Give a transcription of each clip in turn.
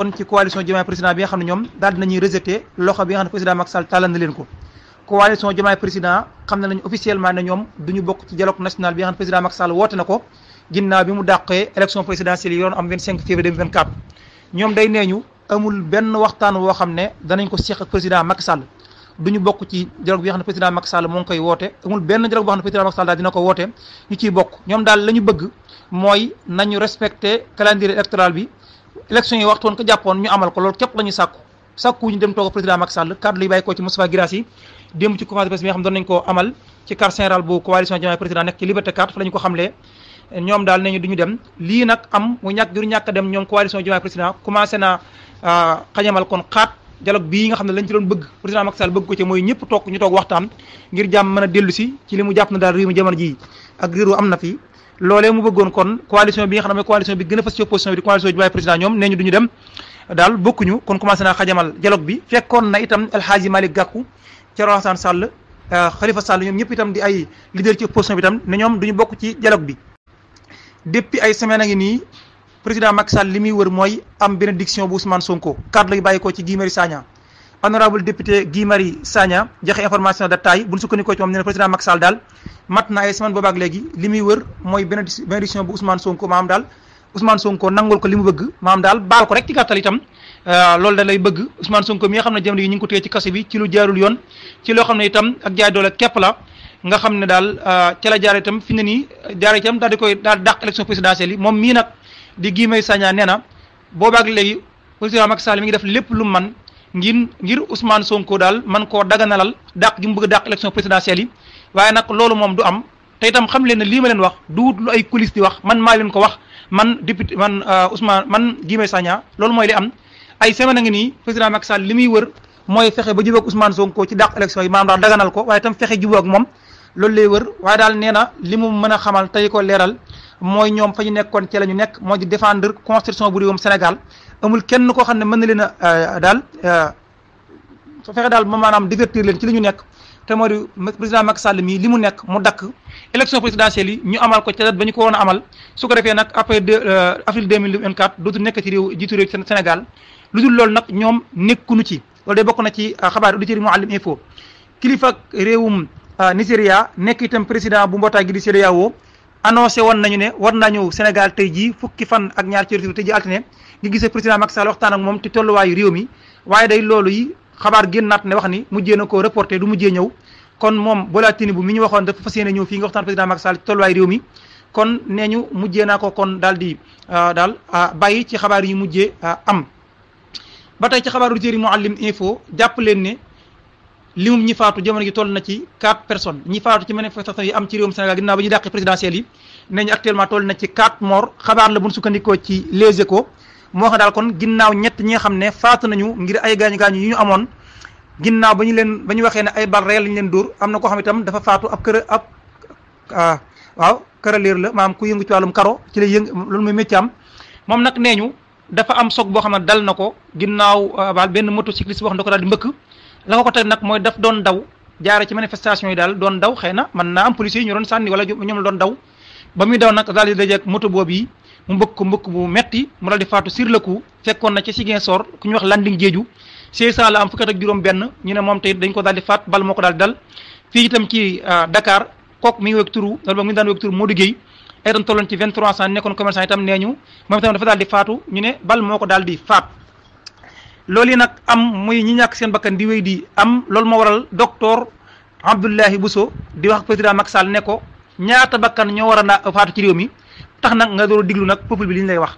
kon ci coalition Diomaye président bi nga xam ne ñoom daal dinañuy rejeté loxo bi nga xam ne président Macky Sall na leen ko coalition Diomaye président xam nañu officiellement ne ñoom duñu bokk ci dialogue national bi nga xam ne woote na ko ginnaaw bi mu dàqee élection présidentielle yi doon ñu benn waxtaan woo xam ne danañ ko seq ak président Macky Sall duñu bokk ci dialogue bi nga xam ne président Macky Sall moo ngi koy woote amul benn dialogue boo xam ne président Macky Sall daal dina ko woote ñu ciy bokk ñoom daal la ñu bëgg mooy nañu respecté calendrier électoral bi élection yi waxtu woon ko jàppoon ñu amal ko loolu képp la ñuy sàkku sàkku ñu dem toog président Macky Sall kàddu yi bàyyi ko ci ñu dem lii président commencé euh, kon xaat dialogue bii nga xam ne lañ ci doon bëgg président Macky bëgg ko ci mooy ñëpp toog ñu toog waxtaan ngir jàmm mën a ci li mu jàpp na daal réew mi jamono ji ak réeru am na fi loolee mu bëggoon kon coalition bi nga xam ne coalition bi gën a fas ci opposition bi di coalition Diomaye Président ñoom nee ñu duñu dem daal bokkuñu kon commencé naa xajamal dialogue bi fekkoon na itam El Hadji Malick Gakou Thierno Alassane xalifa euh, Khalifa Sall ñoom ñëpp itam di ay leader ci opposition bi itam ne ñoom duñu bokk ci dialogue bi depuis ay semaine a ngi nii président Macky Sall li muy wër mooy am bénédiction bu Ousmane Sonko kaddu lay bàyyi ko ci Guy Marius honorable député Guy Marie Sagna joxe information de taille bu ñu sukkandikoo ci moom ne ne président Macky Sall daal mat na ay semaine boobaak léegi li muy wër mooy bénédiction bu Ousmane Sonko maam daal Ousmane Sonko nangul ko li mu bëgg maam daal baal ko rek ci gàttal itam euh, loolu da lay bëgg Ousmane Sonko mi nga xam ne jamono yi ñu ngi ko téye ci kaso bi ci lu jaarul yoon ci loo xam ne itam ak jaay doole képp la nga xam ne daal euh, ca jaar jaare itam fi ne nii jaare itam daal di koy daal dàq élection présidentielle yi moom mii nag di Guy Marie Sagna nee na boobaak léegi président Macky Sall mi ngi def lépp lu mu man ngir ngir Ousmane Sonko daal man koo daganalal dàq gi mu bëgg a dàq élection présidentielle yi waaye nag loolu moom du am te itam xam leen ne lii ma leen wax du ay coulisse di wax man maa leen ko wax man député man euh, Ousmane man Guy Marius Sagna loolu mooy li am ay semaine a ngi nii président Macky Sall li muy wër mooy fexe ba jubóog Ousmane Sonko ci dàq élection yi maanaam daal daganal ko waaye itam fexe jubóog moom loolu lay wër waaye daal nee na li mu mën a xamal tey ko leeral mooy ñoom fa ñu nekkoon ci la ñu nekk mooy di défendre constitution bu réewum Sénégal amul kenn koo xam ne mën na leena a euh, daal euh, su fexe daal maanaam divertir leen ci li ñu nekk te moo di président Macky Sall mii li mu nekk mu dakk élection présidentielle yi ñu amal ko ca date ba ñu ko woon a amal su ko defee nag après deux euh, avril deux mille vingt quatre dootu nekk ci réew jiitu réew Sénégal lu dul loolu nag ñoom nekkunu ci loolu de bokk na ci xabaar auditeurs yi Mouhalim Info kilifa réewum Nigéria nekk itam président bu mbootaay gi di annoncé woon nañu ne war naa ñëw Sénégal tey jii fukki fan ak ñaar ci réew tey jii altine ngi gisee président Macky Sall waxtaan ak moom ci tolluwaayu réew mi waaye day loolu yi xabaar génnaat ne wax ni mujjee na koo reporté du mujjee ñëw kon moom Bola Tinubu mi ñu waxoon dafa fas yéene ñëw fi nga waxtaan président Macky Sall ci tolluwaayu réew mi kon nee ñu mujjee naa ko kon daal di ah, daal ah, bàyyi ci xabaar yi mujjee ah, am ba tey ci xabaaru jëri Mouhalim info jàpp leen ne limum ñi faatu jamono gi toll na ci quatre personnes ñi faatu ci manifestation yi am ci réewum Sénégal ginnaaw ba ñu dàqee présidentielles yi nee ñu actuellement toll na ci quatre morts xabaar la bu ñu sukkandikoo ci Les Échos moo xam daal kon ginnaaw ñett ñi nga xam ne faatu nañu ngir ay gaañu gaañu yu ñu amoon ginnaaw ba ñu leen ba ñu waxee ne ay bal réel lañu leen dóor am na ko xam itam dafa faatu ab kër ab ah, waaw këraleer la maanaam ku yëngu ci wàllum karo ci lay yëngu loolu mooy métier am moom nag nee ñu dafa am soog boo xam ne dal na ko ginnaaw ah, baal benn motocycliste boo xam ne da ko daal di mbëkk la ko ko teg nag mooy daf doon daw jaare ci manifestation yi daal doon daw xëy na mën naa am policiers yi ñu doon sànni wala ñoom la doon daw ba muy daw nag daal di dajeeg moto boobu yi mu mbëkk mbëkk bu metti mu daal di faatu sur fekkoon na ci Ziguinchor ku ñu wax Landing Jeeju six cent la am fukkat juróom benn ñu ne moom tey dañ ko daal di faat bal moo ko daal di dal ci euh, Dakar kook mi ngi weeg turu wala boog mi ngi daan weeg turu faatu ñu ne bal ko daal di faat loolu yi nag am muy ñi ñàkk seen bakkan di wéy di am loolu moo waral docteur Abdoulaye Bousso di wax président Macky Sall ne ko ñaata bakkan ñoo war a naa faatu ci réew mi tax nag nga door a diglu nag peuple bi li lay wax.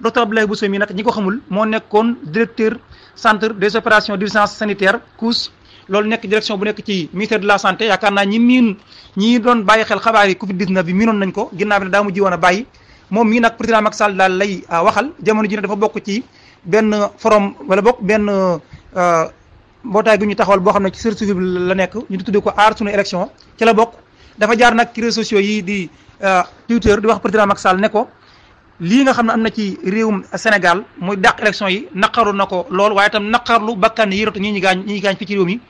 docteur Abdoulaye Bousso mi nag ñi ko xamul moo nekkoon directeur centre des opérations d'urgence sanitaire COUS loolu nekk direction bu nekk ci ministère de la santé yaakaar naa ñi miin ñi doon bàyyi xel xabaar yi Covid 19 bi miinoon nañ ko ginnaaw bi ne daa mujj woon a bàyyi moom mii nag président Macky Sall lay ah, waxal jamono ji ne dafa bokk ci. benn forom wala bokk benn euh, mbootaay gu ñu taxawal boo xam ne ci sër suuf la nekk ñu tuddee ko aar sunu élection ci la bokk dafa jaar nag ci réseaux sociaux yi di euh, Twitter di wax président Macky Sall ne ko lii nga xam ne am na ci réewum Sénégal muy dàq élection yi naqaru na ko lool waaye itam naqarlu bakkan yi rotu ñi ñu gaañ ñi ñu gaañ fii ci réew mi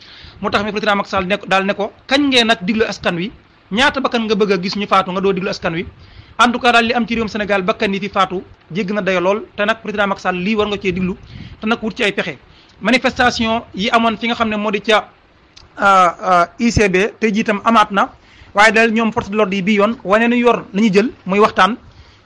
moo tax mi président Macky Sall daal ne ko kañ ngeen nag diglu askan wi ñaata bakkan nga bëgg gis ñu faatu nga doo diglu askan wi en tout cas daal li am ci réewum Sénégal bakkan yi fi faatu jégg na dayo lool te nag président Macky Sall lii war nga cee diglu te nag wut ci ay pexe manifestation yi amoon fi nga xam ne moo di ca euh, euh, ICB tey jii itam amaat na waaye daal ñoom force de l'ordre yi bii yoon wane nu yor la ñu jël muy waxtaan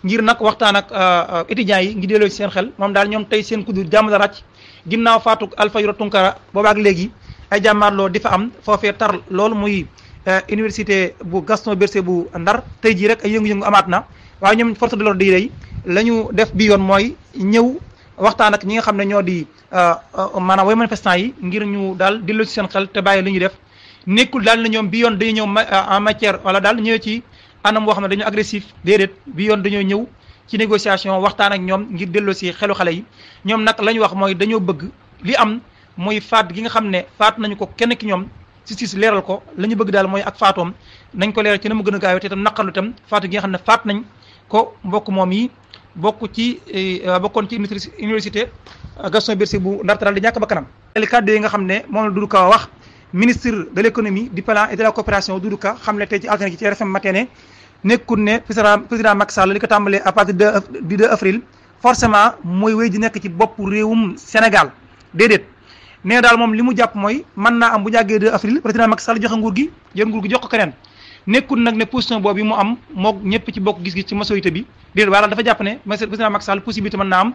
ngir nag waxtaan ak euh, étudiants yi ngi delloo ci seen xel moom daal ñoom tey seen kudur jàmm la ràcc ginnaaw faatu Alpha Yoro Tunkara boobaak léegi ay jàmmaarloo di fa am foofee tar loolu muy Euh, université bu Gaston Berger bu Ndar tey jii rek ay yëngu-yëngu amaat na waaye ñoom force de l'ordre yi day la ñu def bii yoon mooy ñëw waxtaan ak ñi nga xam ne ñoo di euh, euh, maanaam way manifestant yi ngir ñu daal delloo seen xel bàyyi li ñuy def nekkul daal na ñoom bii yoon dañu ñëw en matière wala daal ñëwee ci anam boo xam ne dañu agressif déedéet bi yoon dañoo ñëw ci négociation waxtaan ak ñoom ngir delloo si xelu xale yi ñoom nag la ñu wax mooy dañoo bëgg li am mooy faat gi nga xam ne faat nañu ko kenn ki ñoom justice leeral ko la ñu bëgg daal mooy ak faatoom nañ ko leeral ci na mu gën a gaawee te itam naqarlu itam faatu gi nga xam ne faat nañ ko mbokk moom yi bokk ci euh, bokkoon ci université euh, Gaston Berger bu Ndar daal di ñàkk ba kanam li kàddu yi nga xam ne moom la Doudou Ka wax ministre de l'économie di plan et de la coopération Doudou Ka xam ne tey ci altine ci ci RFM matin ne nekkul ne président président Macky Sall li ko tàmbalee à partir de du 2 avril mooy wéy di nekk ci bopp réewum Sénégal déedéet nee daal moom li mu jàpp mooy man naa am bu ñu àggee 2 avril président Macky Sall joxe nguur gi jël nguur gi jox ko keneen nekkul nag ne position boobu mu am moog ñëpp ci bokk gis-gis ci majorité bi déedéet waaye daal dafa jàpp ne président Macky Sall possibilité mën naa am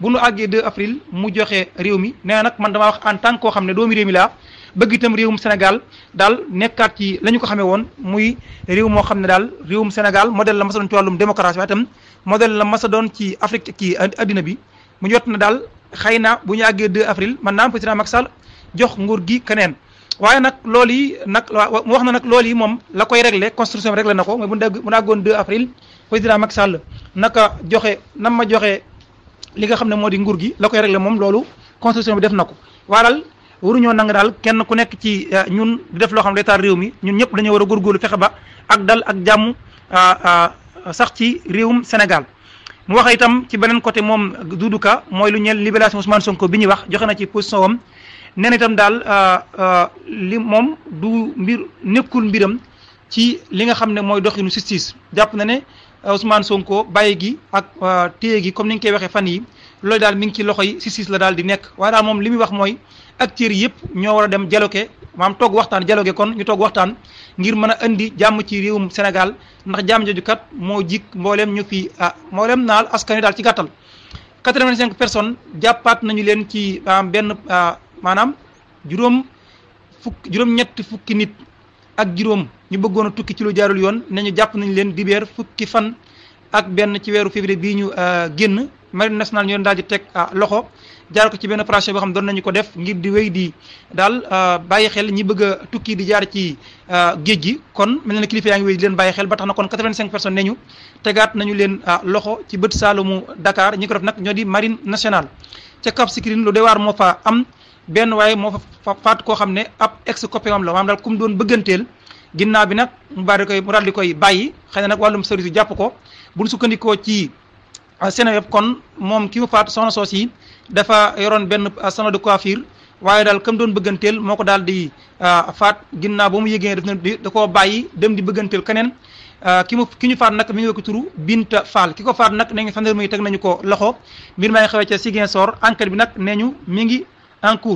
bu nu àggee 2 avril mu joxe réew mi nee nag man dama wax en tant que koo xam ne doomi réew mi laa bëgg itam réewum Sénégal daal nekkaat ci la ñu ko xamee woon muy réew moo xam ne daal réewum Sénégal modèle la masa doon ci wàllum démocratie waaye itam modèle la masa doon ci Afrique ci àddina bi mu jot na daal xëy na bu ñu àggee 2 april man naam président Macky Sall jox nguur gi keneen waaye nag loolu yi nag mu wax na nag loolu yi moom la koy réglé constitution bi réglé na ko mooy bu ñu àggoon 2 avril président Macky Sall naka joxe nam ma joxe li nga xam ne moo di nguur gi la koy réglé moom loolu constitution bi def na ko waru ñoo nang daal kenn ku nekk ci euh, ñun di def loo xam ne état réew mi ñun ñëpp dañoo war a góorgóorlu fexe ba ak dal ak jàmm euh, euh, sax ci réewum Sénégal mu wax itam ci beneen côté moom Doudou Ka mooy lu ñeel libération Ousmane Sonko bi ñuy wax joxe na ci position wam nee na itam daal euh, euh, li moom du mbir nekkul mbiram ci li nga xam ne mooy doxinu justice jàpp na ne euh, Ousmane Sonko bàyyi gi ak téye gi comme ni nga koy waxee fan yi loolu daal mi ngi ci loxo yi justice la daal di nekk waaye daal moom li muy wax mooy acteurs yëpp ñoo war a dem dialoguer maam toog waxtaan dialogue kon ñu toog waxtaan ngir mën a indi jàmm ci réewum Sénégal ndax jàmm jooju kat moo jikk mboolem ñu fi ah mbooleem naal askan wi daal ci gàttal 85 personnes jàppaat nañu leen ci ah, benn ah, maanaam juróom fukk juróom-ñetti fukki nit ak juróom ñu bëggoon a tukki ci lu jaarul yoon ne ñu jàpp nañu leen dibeer fukki fan ak benn ci weeru février bii ñu ah, génn marine nationale ñoo daal di teg ah, loxo jaar ko ci benn opération boo xam doon nañu ko def ngir di wéy di daal ah, bàyyi xel ñi bëgg a tukki di jaar ci ah, géej gi kon mel na kilifa yaa ngi wéy leen bàyyi xel ba tax na kon 85 personnes ne ñu tegaat nañu leen loxo ci bët saalumu Dakar ñi ko def nag ñoo di marine nationale ca Cap Skirring lu waar moo fa am benn waaye moo fa faat koo xam ne ab ex copain am la maanaam daal ku doon bëgganteel ginnaaw bi nag mu daal di koy mu daal di koy bàyyi xëy na nag wàllum service bi jàpp ko buñ sukkandikoo ci Ah, Seneweb kon moom ki mu faat soxna soos yi dafa yoroon benn ah, salon de coiffure waaye daal kam doon bëgganteel moo ko daal di ah, faat ginnaaw ba mu yëgee daf na da koo bàyyi dem di bëgganteel keneen ki mu ki ñu faat nag mi ngi wekk turu Binta Fall ki ko faat nag nee nga gendarmerie teg nañu ko loxo mbir maa ngi xewee ca Ziguinchor enquête bi nag nee ñu mi ngi en